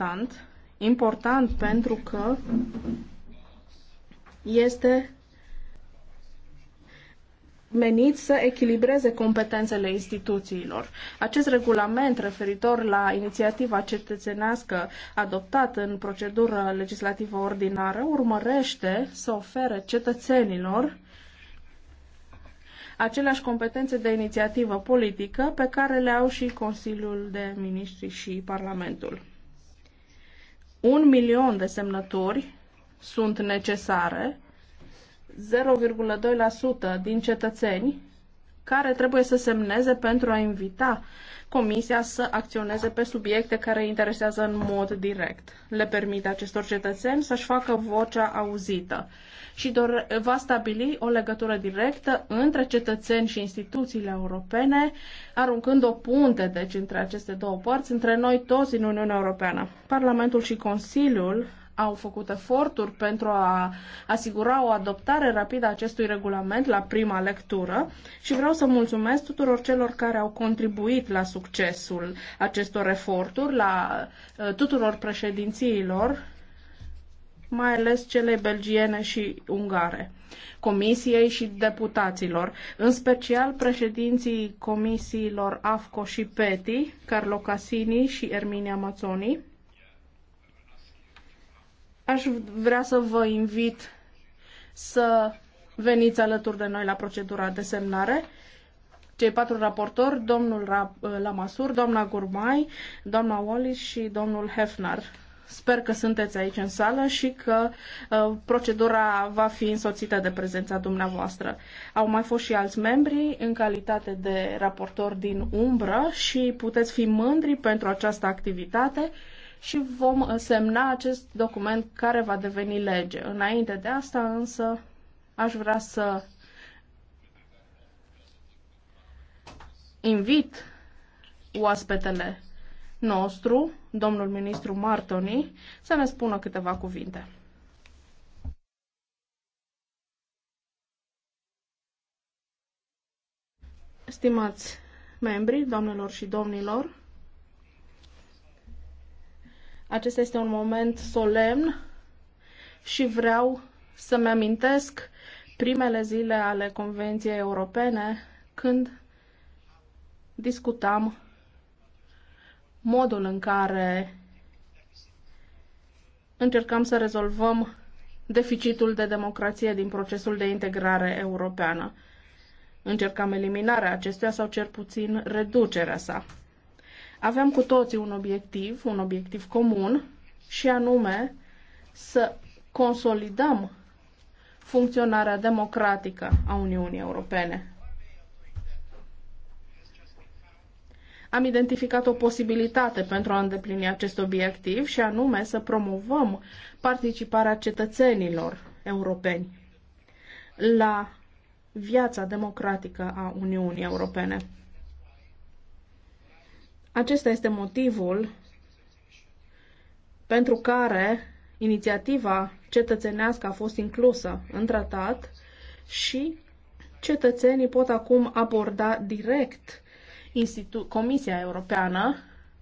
important, important pentru că este menit să echilibreze competențele instituțiilor. Acest regulament referitor la inițiativa cetățenească adoptată în procedură legislativă ordinară urmărește să ofere cetățenilor aceleași competențe de inițiativă politică pe care le au și Consiliul de Ministri și Parlamentul un milion de semnături sunt necesare, 0,2% din cetățeni care trebuie să semneze pentru a invita Comisia să acționeze pe subiecte care îi interesează în mod direct. Le permite acestor cetățeni să-și facă vocea auzită și va stabili o legătură directă între cetățeni și instituțiile europene, aruncând o punte, deci, între aceste două părți, între noi toți în Uniunea Europeană. Parlamentul și Consiliul au făcut eforturi pentru a asigura o adoptare rapidă a acestui regulament la prima lectură și vreau să mulțumesc tuturor celor care au contribuit la succesul acestor eforturi, la uh, tuturor președințiilor, mai ales cele belgiene și ungare, comisiei și deputaților, în special președinții comisiilor AFCO și PETI, Carlo Casini și Erminia Mazzoni, Aș vrea să vă invit să veniți alături de noi la procedura de semnare. Cei patru raportori, domnul Lamasur, doamna Gurmai, doamna Wallis și domnul Hefnar. Sper că sunteți aici în sală și că uh, procedura va fi însoțită de prezența dumneavoastră. Au mai fost și alți membri în calitate de raportori din umbră și puteți fi mândri pentru această activitate. Uh, și vom semna acest document care va deveni lege. Înainte de asta însă aș vrea să invit oaspetele nostru, domnul ministru Martoni, să ne spună câteva cuvinte. Stimați membri, doamnelor și domnilor, acesta este un moment solemn și vreau să-mi amintesc primele zile ale Convenției Europene când discutam modul în care încercam să rezolvăm deficitul de democrație din procesul de integrare europeană. Încercam eliminarea acestuia sau cel puțin reducerea sa. Aveam cu toții un obiectiv, un obiectiv comun, și anume să consolidăm funcționarea democratică a Uniunii Europene. Am identificat o posibilitate pentru a îndeplini acest obiectiv și anume să promovăm participarea cetățenilor europeni la viața democratică a Uniunii Europene. Acesta este motivul pentru care inițiativa cetățenească a fost inclusă în tratat și cetățenii pot acum aborda direct Institu- Comisia Europeană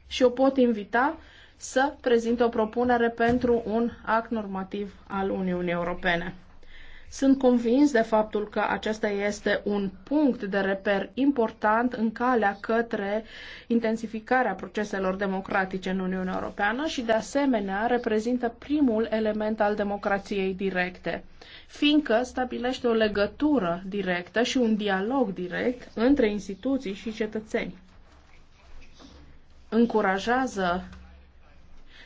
și o pot invita să prezinte o propunere pentru un act normativ al Uniunii Europene. Sunt convins de faptul că acesta este un punct de reper important în calea către intensificarea proceselor democratice în Uniunea Europeană și, de asemenea, reprezintă primul element al democrației directe, fiindcă stabilește o legătură directă și un dialog direct între instituții și cetățeni. Încurajează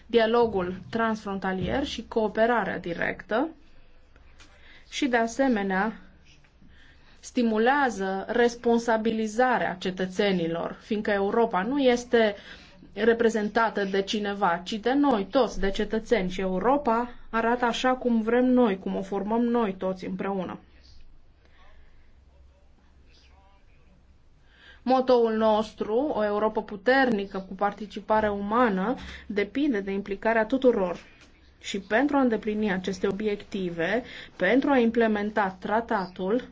dialogul transfrontalier și cooperarea directă, și, de asemenea, stimulează responsabilizarea cetățenilor, fiindcă Europa nu este reprezentată de cineva, ci de noi toți, de cetățeni. Și Europa arată așa cum vrem noi, cum o formăm noi toți împreună. Motoul nostru, o Europa puternică cu participare umană, depinde de implicarea tuturor. Și pentru a îndeplini aceste obiective, pentru a implementa tratatul,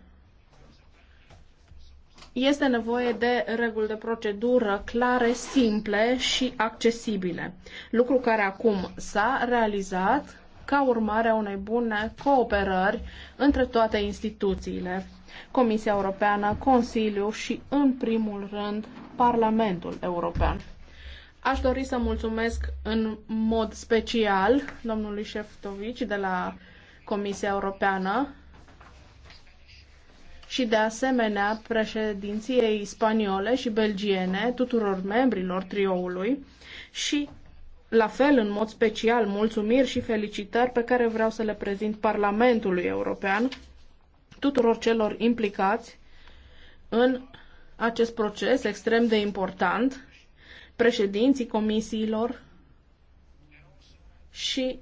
este nevoie de reguli de procedură clare, simple și accesibile. Lucru care acum s-a realizat ca urmare a unei bune cooperări între toate instituțiile. Comisia Europeană, Consiliu și, în primul rând, Parlamentul European. Aș dori să mulțumesc în mod special domnului Șeftovici de la Comisia Europeană și de asemenea președinției spaniole și belgiene, tuturor membrilor trioului și la fel, în mod special, mulțumiri și felicitări pe care vreau să le prezint Parlamentului European, tuturor celor implicați în acest proces extrem de important președinții comisiilor și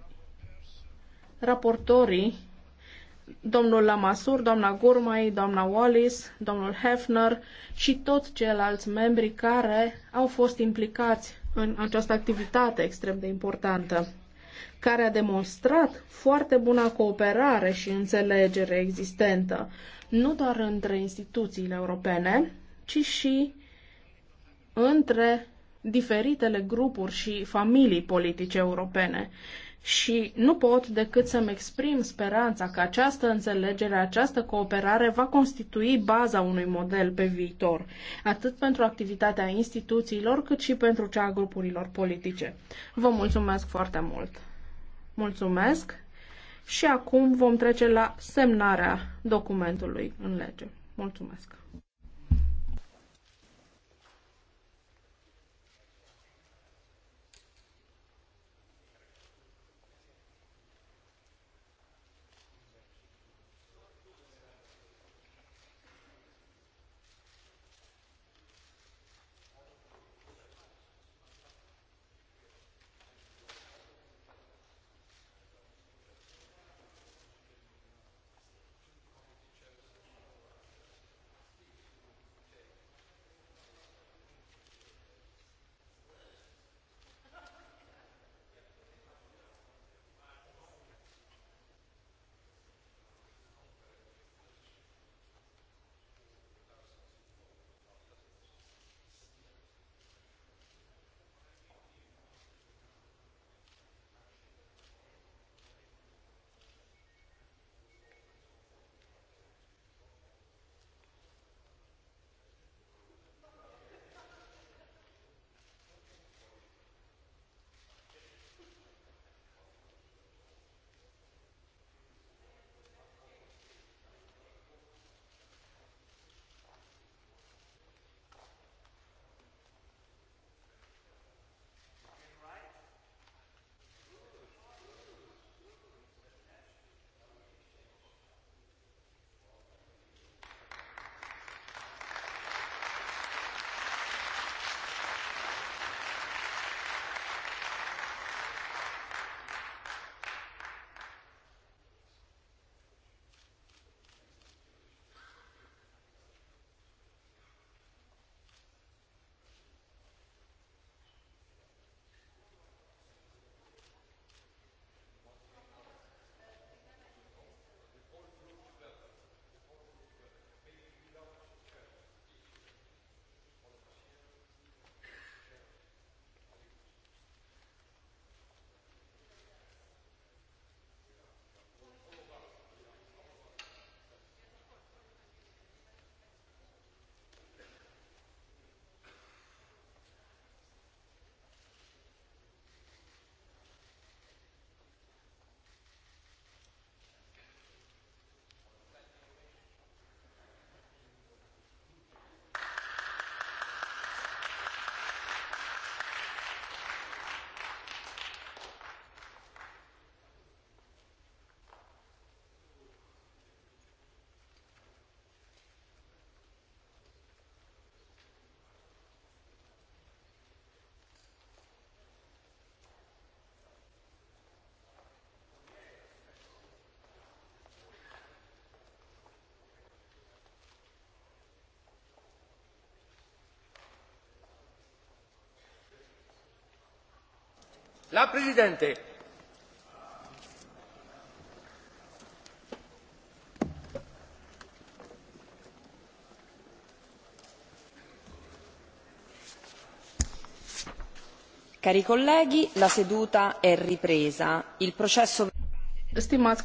raportorii, domnul Lamasur, doamna Gurmai, doamna Wallis, domnul Hefner și toți ceilalți membri care au fost implicați în această activitate extrem de importantă, care a demonstrat foarte bună cooperare și înțelegere existentă, nu doar între instituțiile europene, ci și între diferitele grupuri și familii politice europene. Și nu pot decât să-mi exprim speranța că această înțelegere, această cooperare va constitui baza unui model pe viitor, atât pentru activitatea instituțiilor, cât și pentru cea a grupurilor politice. Vă mulțumesc foarte mult! Mulțumesc! Și acum vom trece la semnarea documentului în lege. Mulțumesc! La președinte, Cari colleghi, la seduta è ripresa. Il processo... Stimați